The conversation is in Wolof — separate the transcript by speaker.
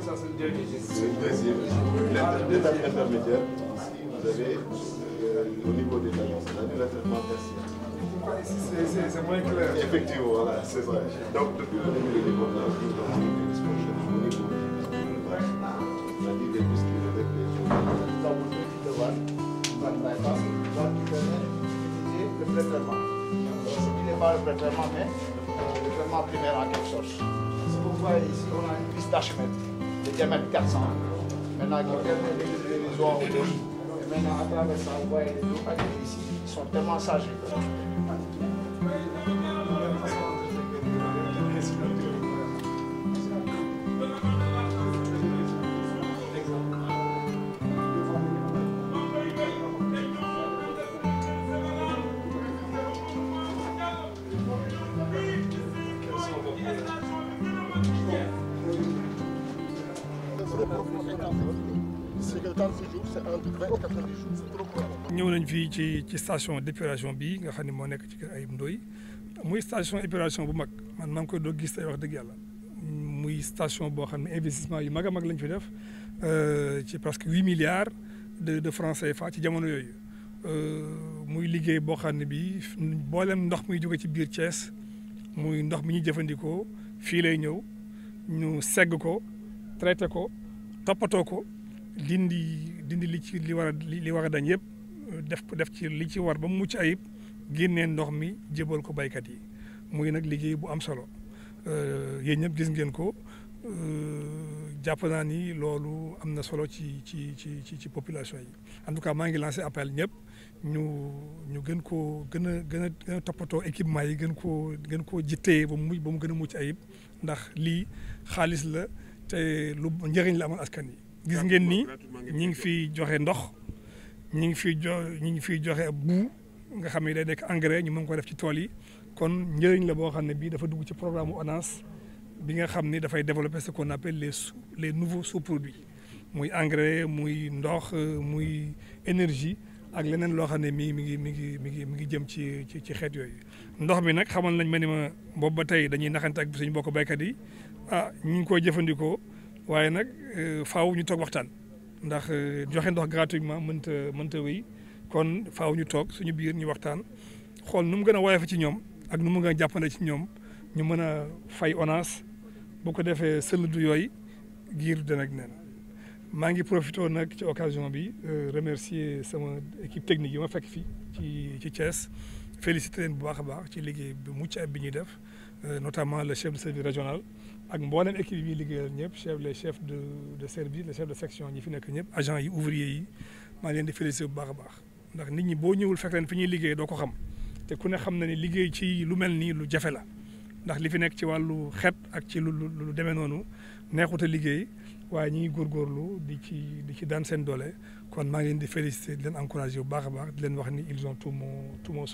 Speaker 1: reconnaissance de Dieu. C'est une deuxième. Ah, L'étape intermédiaire, vous avez euh, au niveau des agences, le traitement tertiaire. C'est moins clair. Effectivement, voilà, c'est vrai. Donc, depuis le début de l'indépendance, nous avons une disposition au niveau On a dit des puisqu'il avec les gens. le pré-traitement. Ce n'est pas le pré-traitement, mais euh, le traitement primaire en quelque sorte. C'est pourquoi ici, on a une piste d'Archimède. de diamètre 400. Maintenant, avec quelques légumes dérisoires au gauche. Et maintenant, à travers ça, vous voyez les eaux ici, ils sont tellement sages. ñëw nañ fii ci ci station d'épuration bi nga xam ne moo nekk ci kër Ayib Ndoye muy station épuration bu mag man maa ngi koy doog gis tey wax dëgg yàlla muy station boo xam ne investissement yu mag a mag lañ fi def euh, ci presque huit milliards de de francs CFA ci jamono yooyu euh, muy liggéey boo xam ne bii boolem ndox muy jóge ci biir Thiès muy ndox mi ñuy jëfandikoo fii lay ñëw ñu segg ko traité ko. toppatoo ko dindi dindi li ci li war a li war dañ yëpp def ko def ci li ci war ba mu mucc ayib génnee ndox mi jébal ko baykat yi muy nag liggéey bu am solo euh, yéen ñëpp gis ngeen ko euh, jàpp naa ni loolu am na solo ci ci ci ci ci population yi en tout cas maa ngi lancé appel ñëpp ñu ñu gën koo gën a gën a gën a toppatoo équipement yi gën koo gën koo jittee ba mu ba mu gën a mucc ayib ndax lii xaalis la. te lu njëriñ la amal askan yi gis ngeen ni ñi ngi fiy joxe ndox ñi ngi fiy jo ñi ngi fiy joxe bu nga xam ne day nekk engrais ñu mën ko def ci tool yi kon njëriñ la boo xam ne bii dafa dugg ci programme ONAS bi nga xam ni dafay développer ce qu'on appelle les sous les nouveaux sous-produits muy engrais muy ndox muy énergie ak leneen loo xam ne mi mi ngi mi ngi mi ngi mi ngi jëm ci ci ci xeet yooyu ndox mi nag xamal nañ ma ni ma boobu ba tey dañuy naxante ak suñu mbokku béykat yi ah ñu ngi koy jëfandikoo waaye nag euh, faw ñu toog waxtaan ndax euh, joxe ndox gratuitement mënta mënta wéy kon faw ñu toog suñu biir ñu waxtaan xool nu mu gën a fa ci ñoom ak nu mu gën a jàppande ci ñoom ñu mën a fay ONAS bu ko defee sëldu yooyu giir danag nen maa ngi profité nag ci occasion bi euh, remercier sama équipe technique yi ma fekk fii ci ci Thiès félicité bu baax a baax ci liggéey bi mucc ayib bi ñuy def Euh, notamment le chef de service régional ak mboolem équipe yi liggéeyal ñëpp chef les chefs de de service les chefs de section ñi fi nekk ñëpp agents yi ouvrier yi maa leen di félicité bu baax a baax ndax nit ñi boo ñëwul fekk leen fi ñuy liggéey doo ko xam te ku ne xam na ne liggéey ci lu mel nii lu jafe la ndax li fi nekk ci wàllu xeet ak ci lu lu demee noonu neexut a liggéey waaye ñi ngi góorlu di ci di ci daan seen doole kon maa ngi leen di félicité di leen encouragé bu baax a baax di leen wax ni ils ont tout mon tout mon